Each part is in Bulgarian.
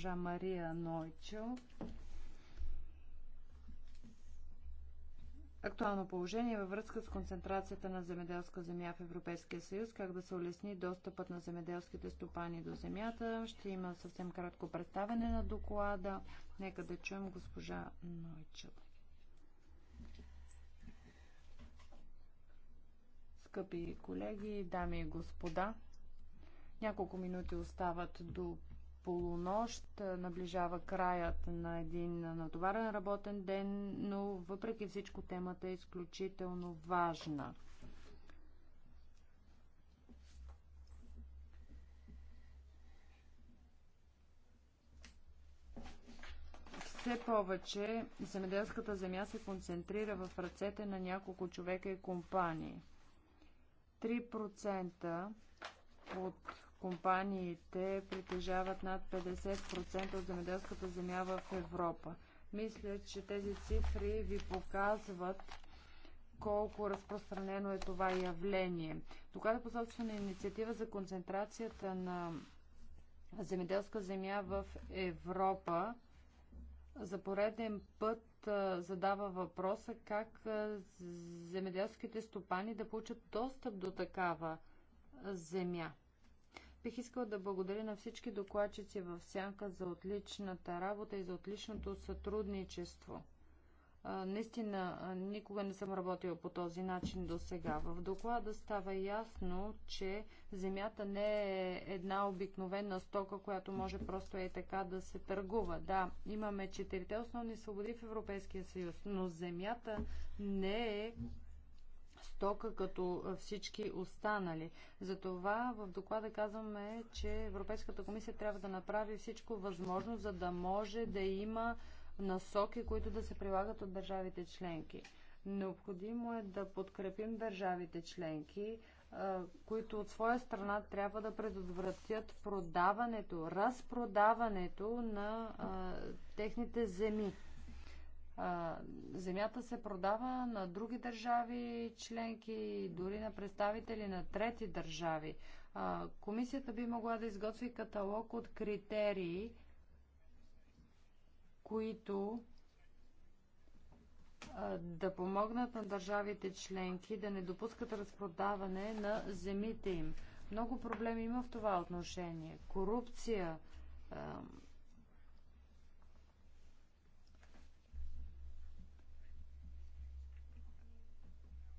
госпожа Мария Нойчел. Актуално положение във връзка с концентрацията на земеделска земя в Европейския съюз, как да се улесни достъпът на земеделските стопани до земята. Ще има съвсем кратко представяне на доклада. Нека да чуем госпожа Нойчел. Скъпи колеги, дами и господа, няколко минути остават до полунощ наближава краят на един натоварен работен ден, но въпреки всичко темата е изключително важна. Все повече земеделската земя се концентрира в ръцете на няколко човека и компании. 3% от компаниите притежават над 50% от земеделската земя в Европа. Мисля, че тези цифри ви показват колко разпространено е това явление. Доклада по собствена инициатива за концентрацията на земеделска земя в Европа за пореден път задава въпроса как земеделските стопани да получат достъп до такава земя. Бих искала да благодаря на всички докладчици в Сянка за отличната работа и за отличното сътрудничество. Наистина, никога не съм работила по този начин до сега. В доклада става ясно, че земята не е една обикновена стока, която може просто е така да се търгува. Да, имаме четирите основни свободи в Европейския съюз, но земята не е стока като всички останали. Затова в доклада казваме, че Европейската комисия трябва да направи всичко възможно, за да може да има насоки, които да се прилагат от държавите членки. Необходимо е да подкрепим държавите членки, които от своя страна трябва да предотвратят продаването, разпродаването на а, техните земи земята се продава на други държави членки, дори на представители на трети държави. Комисията би могла да изготви каталог от критерии, които да помогнат на държавите членки да не допускат разпродаване на земите им. Много проблеми има в това отношение. Корупция,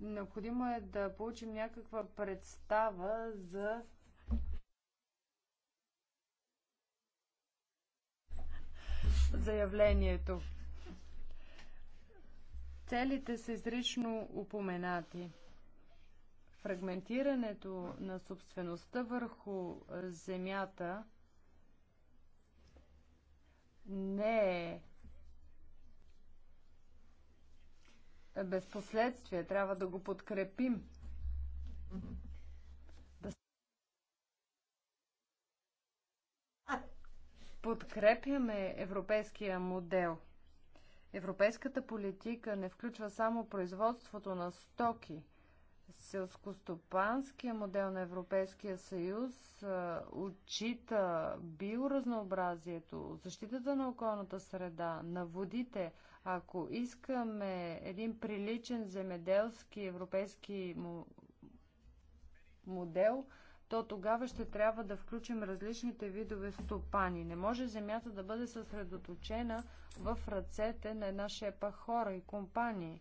Необходимо е да получим някаква представа за заявлението. Целите са изрично упоменати. Фрагментирането на собствеността върху земята не е без последствия. Трябва да го подкрепим. Да подкрепяме европейския модел. Европейската политика не включва само производството на стоки. Селскостопанския модел на Европейския съюз а, отчита биоразнообразието, защитата на околната среда, на водите, ако искаме един приличен земеделски европейски модел, то тогава ще трябва да включим различните видове стопани. Не може земята да бъде съсредоточена в ръцете на една шепа хора и компании.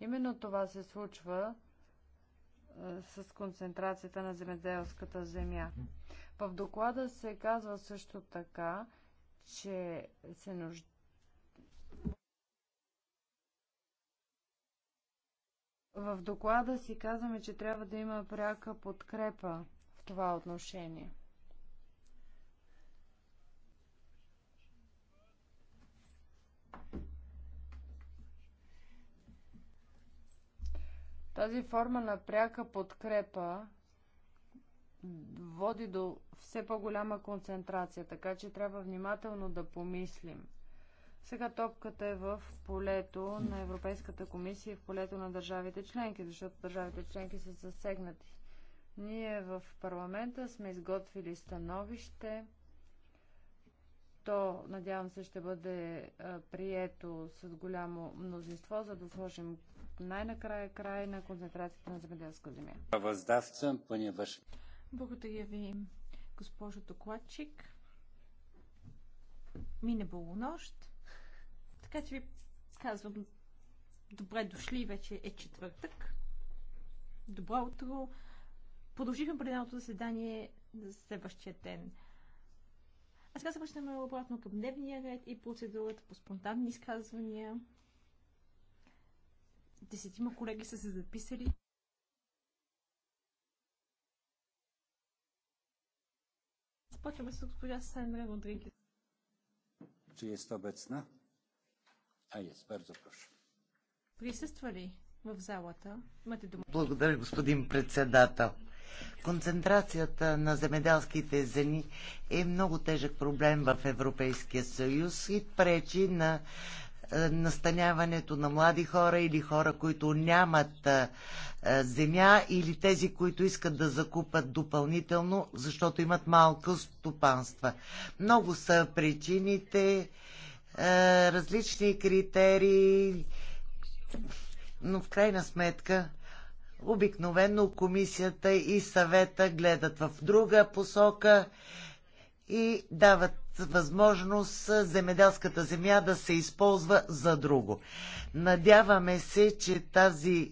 Именно това се случва с концентрацията на земеделската земя. В доклада се казва също така, че се нужда В доклада си казваме, че трябва да има пряка подкрепа в това отношение. Тази форма на пряка подкрепа води до все по-голяма концентрация, така че трябва внимателно да помислим. Сега топката е в полето на Европейската комисия и в полето на държавите членки, защото държавите членки са засегнати. Ние в парламента сме изготвили становище. То, надявам се, ще бъде прието с голямо мнозинство, за да сложим най-накрая край на концентрацията на земеделска земя. Въздавцам, Благодаря ви, госпожо докладчик. Мине нощ. Така че ви казвам, добре дошли, вече е четвъртък. Добро утро. Продължихме предното заседание за следващия ден. А сега се връщаме обратно към дневния ред и процедурата по спонтанни изказвания. Десетима колеги са се записали. Започваме с госпожа Сандра Родригес. Czy jest obecna? A jest, bardzo прошу. Присъства ли в залата? Имате дума. Благодаря, господин председател. Концентрацията на земеделските земи е много тежък проблем в Европейския съюз и пречи на е, настаняването на млади хора или хора, които нямат е, е, земя или тези, които искат да закупат допълнително, защото имат малко стопанства. Много са причините, различни критерии, но в крайна сметка обикновено комисията и съвета гледат в друга посока и дават възможност земеделската земя да се използва за друго. Надяваме се, че тази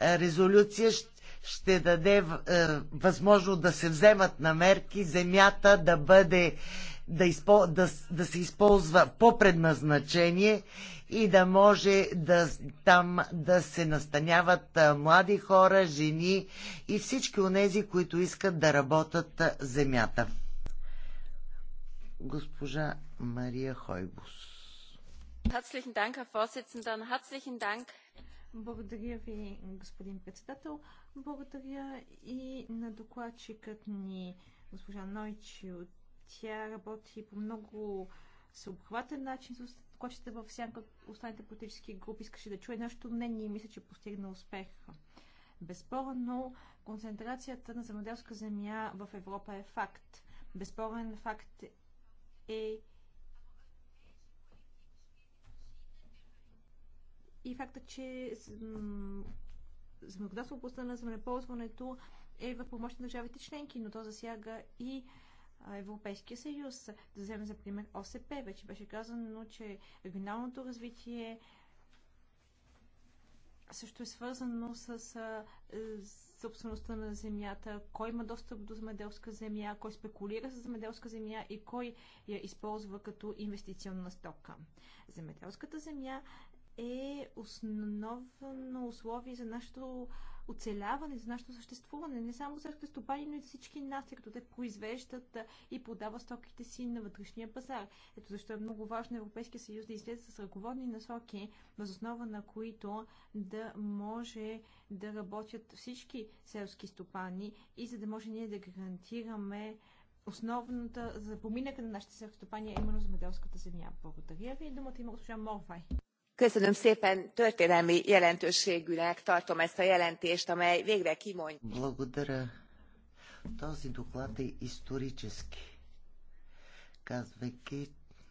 резолюция ще даде е, възможност да се вземат на мерки земята да бъде да, изпо, да, да се използва по предназначение и да може да, там да се настаняват млади хора, жени и всички тези, които искат да работят земята. Госпожа Мария Хойбус. Благодаря ви, господин председател. Благодаря и на докладчикът ни, госпожа Нойчи. Тя работи по много съобхватен начин с докладчета в сянка от останалите политически групи искаше да чуе нашето мнение и мисля, че постигна успех. Безспорно, концентрацията на земеделска земя в Европа е факт. Безспорен факт е и факта, че законодателство на земеползването е в помощ на държавите членки, но то засяга и Европейския съюз. Да вземем за пример ОСП. Вече беше казано, че регионалното развитие също е свързано с собствеността на земята, кой има достъп до земеделска земя, кой спекулира с земеделска земя и кой я използва като инвестиционна стока. Земеделската земя е основно условие за нашето оцеляване, за нашето съществуване, не само за стопани, но и за всички нас, тъй като те произвеждат и подават стоките си на вътрешния пазар. Ето защо е много важно Европейския съюз да излезе с ръководни насоки, въз основа на които да може да работят всички селски стопани и за да може ние да гарантираме основната за поминъка на нашите стопани е именно земеделската земя. Благодаря ви. Думата има госпожа Морвай történelmi jelentőségűnek tartom ezt a jelentést, amely végre kimondja. Благодаря. Този доклад е исторически, казвайки,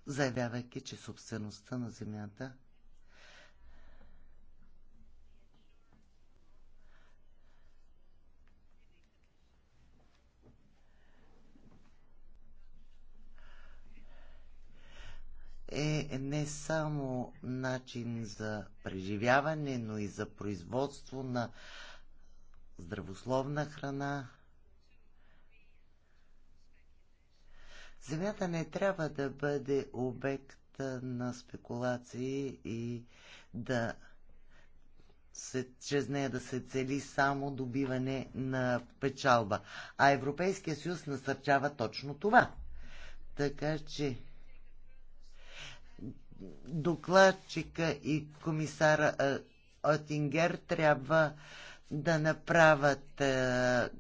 заявявайки, че собствеността на земята Е, е не само начин за преживяване, но и за производство на здравословна храна. Земята не трябва да бъде обект на спекулации и да се, чрез нея да се цели само добиване на печалба. А Европейския съюз насърчава точно това. Така че докладчика и комисара Отингер трябва да направят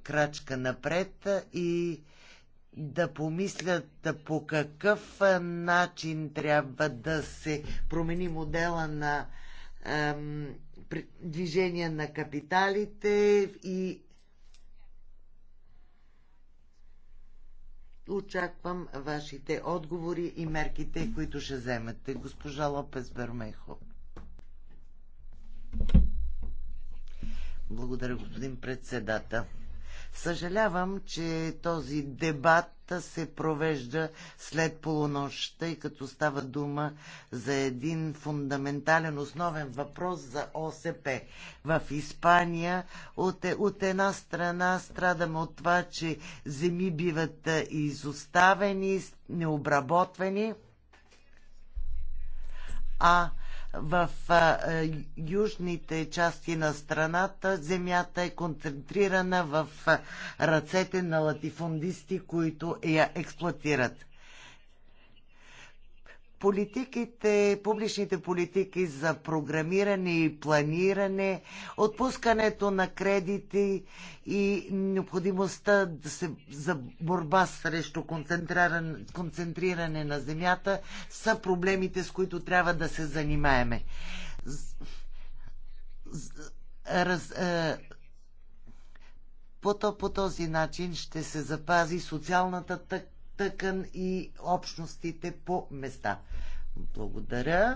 крачка напред и да помислят по какъв начин трябва да се промени модела на движение на капиталите и очаквам вашите отговори и мерките, които ще вземете. Госпожа Лопес Бермехо. Благодаря, господин председател. Съжалявам, че този дебат се провежда след полунощ, тъй като става дума за един фундаментален основен въпрос за ОСП. В Испания от, е, от една страна страдаме от това, че земи биват изоставени, необработвани, а в южните части на страната земята е концентрирана в ръцете на латифундисти, които я експлуатират политиките, публичните политики за програмиране и планиране, отпускането на кредити и необходимостта да се, за борба срещу концентриране на земята са проблемите, с които трябва да се занимаеме. Раз, е, по, по този начин ще се запази социалната тък тъкан и общностите по места. Благодаря.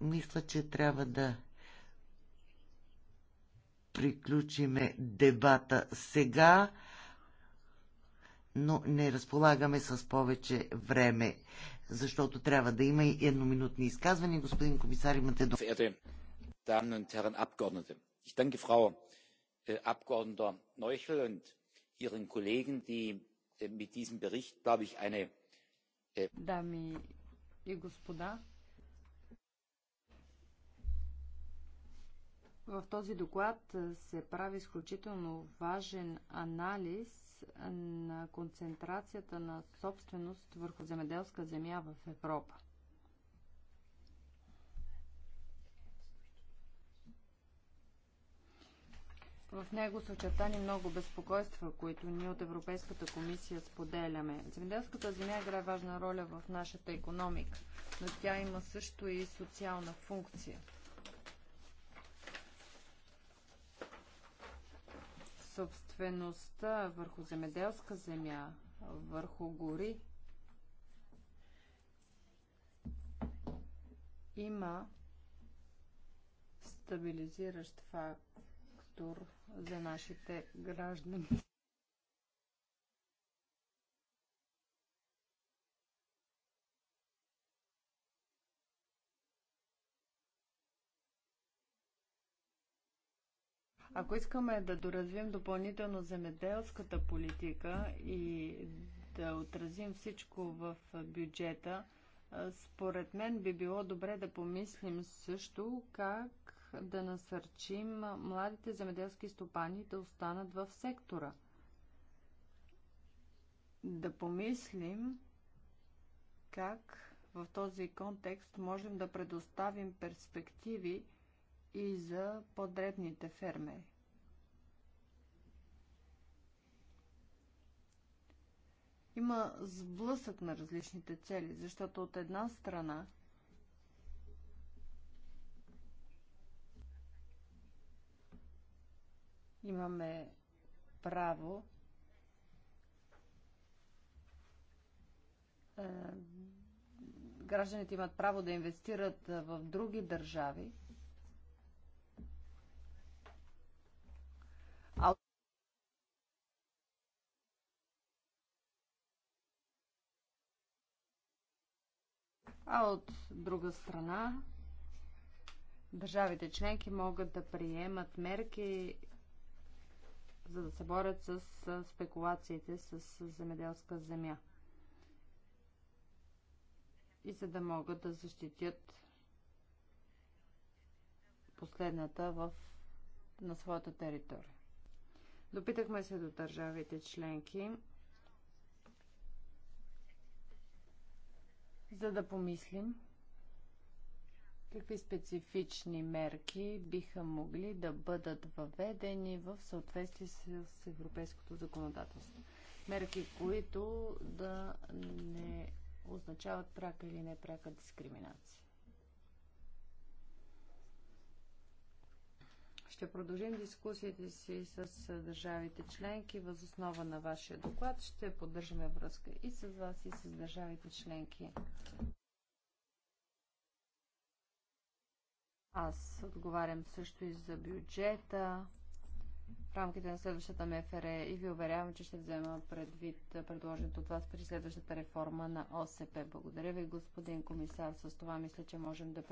Мисля, че трябва да приключиме дебата сега, но не разполагаме с повече време, защото трябва да има и едноминутни изказвания. Господин комисар, имате дума. Äh, abgeordneter noichl und ihren kollegen die äh, mit diesem bericht glaube ich eine äh, Дами и господа, в този доклад се прави изключително важен анализ на концентрацията на собственост върху земеделска земя в Европа. В него са очертани много безпокойства, които ние от Европейската комисия споделяме. Земеделската земя играе важна роля в нашата економика, но тя има също и социална функция. Собствеността върху земеделска земя, върху гори има стабилизиращ факт сектор за нашите граждани. Ако искаме да доразвим допълнително земеделската политика и да отразим всичко в бюджета, според мен би било добре да помислим също как да насърчим младите земеделски стопани да останат в сектора. Да помислим как в този контекст можем да предоставим перспективи и за подребните фермери. Има сблъсък на различните цели, защото от една страна – имаме право е, гражданите имат право да инвестират е, в други държави. А... от друга страна, държавите членки могат да приемат мерки за да се борят с спекулациите с земеделска земя и за да могат да защитят последната в, на своята територия. Допитахме се до държавите членки, за да помислим Какви специфични мерки биха могли да бъдат въведени в съответствие с европейското законодателство? Мерки, които да не означават прака или прака дискриминация. Ще продължим дискусиите си с държавите членки. Въз основа на вашия доклад ще поддържаме връзка и с вас, и с държавите членки. Аз отговарям също и за бюджета в рамките на следващата МФР и ви уверявам, че ще взема предвид предложението от вас при следващата реформа на ОСП. Благодаря ви, господин комисар. С това мисля, че можем да